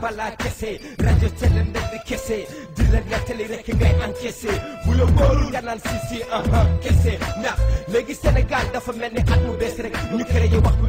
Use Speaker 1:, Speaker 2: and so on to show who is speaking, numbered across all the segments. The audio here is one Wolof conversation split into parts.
Speaker 1: bala kese radio telen de kese dilen nga ya tele rek ngay baru bu la wóoru aha kese nah lagi Senegal dafa mel ni at mu bees rek ñu créé wax bu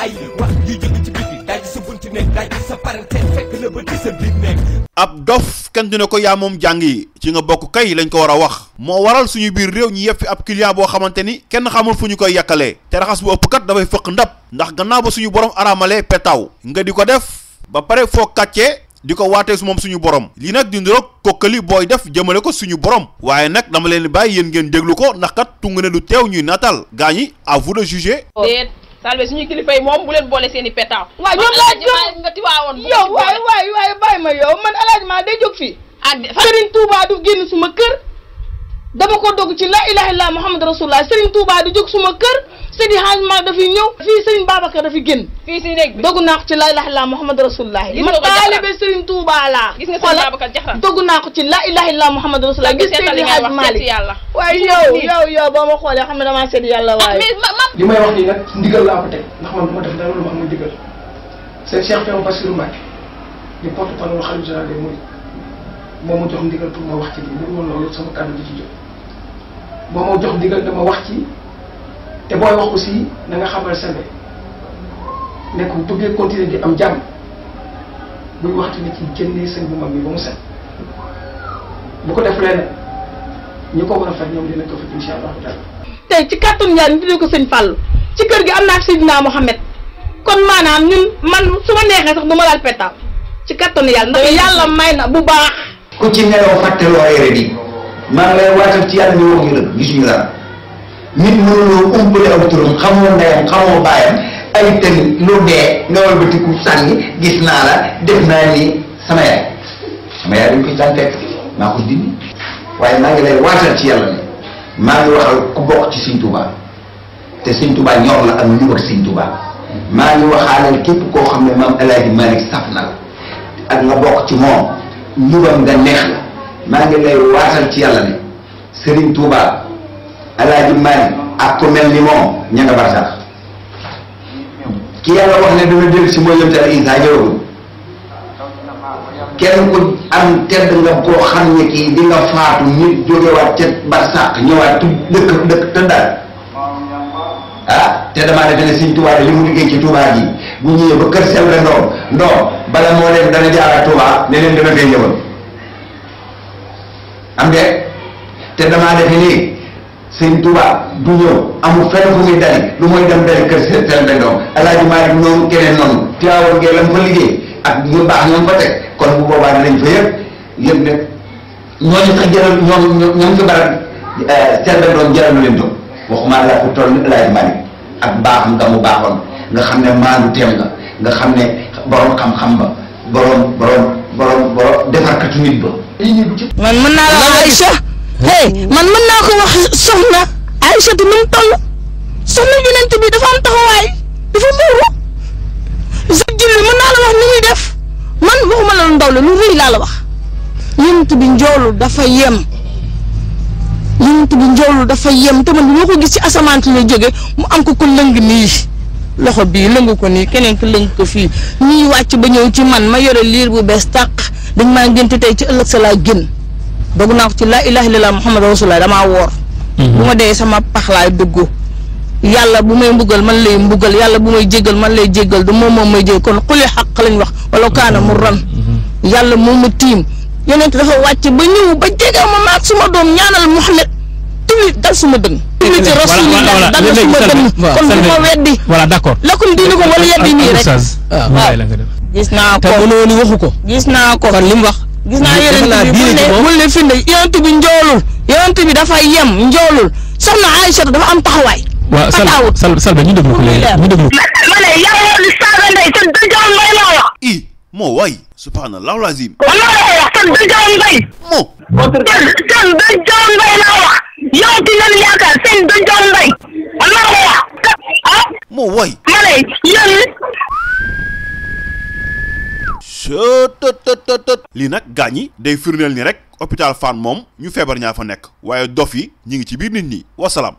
Speaker 1: ay wax yu jóge ci biti daaj
Speaker 2: sa bunti nekk daaj sa parentèle fekk la ba di sa biir ab dof kenn dina ko ya mom jàng yi ci nga bokk kay lañ ko wara wax mo waral suñu biir rew ñi yef fi ab client bo xamanteni kenn xamul fuñu koy yakale te raxas bu upp kat dafay fekk ndab ndax gannaaw ba suñu borom aramalé pétaw nga di def ba pare foo kàccee di ko waatee su moom suñu borom lii nag di niroog kokkali booy def jëmale ko suñu boroom waaye nag dama leen bàyyi yéen ngeen déglu ko ndax kat tungu ne du teew ñuy nataal gaa ñi à vous de juger.
Speaker 3: Oh. déet Salvé suñu kilifa yi moom bu leen boole seen i pétaw. waaw ñoom laa jóg nga tiwaawoon yow waay waay waay bàyyi ma yow man alaaji maa day jóg fii. ah du génn suma kër. dama ko dogg ci la ilaha illallah muhammad rasulullah Serigne Touba di jóg suma kër Seydi Hadj Malick dafay ñëw fii Serigne Babacar dafi génn. fii si néeg bi dogg naa ko ci la ilaha illallah muhammad rasulullah. ma taalibe Serigne Touba laa. gis nga Serigne Babacar jaxal dogg naa ko ci la ilaha illallah muhammad rasulullah. gis Seydi Hadj Malick waaye yow yow yow boo ma xoolee yàlla ah, waaye.
Speaker 1: li may wax nii nag ndigal laa ko teg ndax man bu ma def dara lu ma am ndigal seen Cheikh Fémou Bassirou Mbacké di porte parole xalifa général des moo ma jox ndigal pour ma wax ci sama kàddu di ci jóg moo jox ndigal dama wax ci te booy wax aussi na nga xamal ne continuer di am jàmm buy waxtu ni ci génnee sëñ bu mag bi ba mu set bu ko def leneen ñi ko war a faj dina ko fa insha taala
Speaker 3: ci ko ci kër gi kon ñun man su ma sax du ma laal ci kàttanu ndax bu baax
Speaker 1: ku ci nelaw fàtte loo ay redi maa ngi lay waatal ci yàlla ñu wax ñu dëgg gisuñu dara nit mënuloo umpale aw turam xamoo ndeyam xamoo baayam ay tën lu dee nga war sànni gis naa la def naa ni sama yaay sama waaye maa ngi ci yàlla ne maa ngi waxal ku bokk ci Sëñ te Sëñ Tuubaa ñor la ak ñu ak Sëñ Tuubaa maa ngi waxaalal képp koo xam ne maam El Hadj Malick saf na ak nga bokk ci moom mbugal nga neex la maa ngi lay waaxal ci yàlla ne Serigne Touba alaaji Mali ak ku mel ni moom ña nga bar sax ki yàlla wax ne dana dégg si mooy yom tala Isa ñëwagul kenn ku am tedd nga koo xam ne kii di nga faatu nit waat ca barsàq ñëwaat dëkk dëkk te dal ah te damaa defe ne Serigne Touba li mu liggéey ci Touba ji bu ñëwee ba kër Cheikh Ibrahima Ndao Ndao bala moo dem dana jaara Touba ne leen dama fee ñëwoon am de te damaa defe nii sëñ Touba du ñëw amul fenn fu muy dali lu mooy dem dali kër Cheikh Ibrahima Ndao alaaji Maalik noonu keneen noonu tiwaawoon ngeen lam fa liggéey ak ñu baax ñoom fa teg kon bu boobaa dinañ fa yëpp yëpp de ñooñu sax jëral ñoom ñoom fi baral eh, Cheikh Ibrahima Ndao leen to waxuma la fu toll ni alaaji ak baaxam nga mu baaxoon nga xamne malu maanduteem la nga xam ne borom xam-xam ba borom borom borom borom defarkatu nit ba
Speaker 3: man mën na la aisha hey man mën na ko wax soxna aisha di num toll soxna yonent bi dafa am taxaway dafa muru zajjul julli mën la wax ni muy def man waxuma la lu ndaw la lu rëy la la wax yonent bi njoolu dafa yem yonent bi njoolu dafa yem te man bi ko gis ci asamaan si lay mu am ko ko loxo bii lëngu ko nii keneen ki lëng ko fii ñuy wàcc ba ñëw ci man ma yore liir bu bees tàq dañ maa ngénte tey ci ëllëg sa laa génn dogu naa ko ci laa ilaha illallah muhammad rasulullah damaa woor mhm. bu ma dee sama pax laay dugg yàlla bu may mbugal man lay mbugal yàlla bu may jéggal man lay jéggal du moom moom may jégg kon xuli xaq lañ wax wala kaana mu ran mhm. yàlla moom ma tiim yeneen dafa wàcc ba ñëw ba jege ma maag suma doom ñaanal muhammad tamit dal suma dëng ci rasulillah dal suma dënn kon du ma weddi voilà d'accord lakum diinukum wala yeddi nii rek ah, waaw gis naa ko te mënoo ni waxu ko gis naa ko kon li mu wax gis naa yeneen bi mu ne fi ne yonent bi njoolul yonent bi dafay yem njoolul soxna Aïcha dafa am taxawaay waaw Salma
Speaker 2: Salma Salma ñu déglu ko léegi ñu déglu ko.
Speaker 3: ma ne yàlla li saaga ndey te dëjëwoon mbay laa wax.
Speaker 2: i moo waay subhanallah lazim. wala laa
Speaker 3: wax te dëjëwoon mbay. moo. te dëjëwoon mbay laa wax. yow ki lan yaakaar seen doon doon mbay man
Speaker 2: moo woy ma ne yéen. lii nag gaañ yi day firndeel ni rek hôpital Fann moom ñu feebar ñaa fa nekk waaye dof yi ñu ngi ci biir nit ñi wasalaam.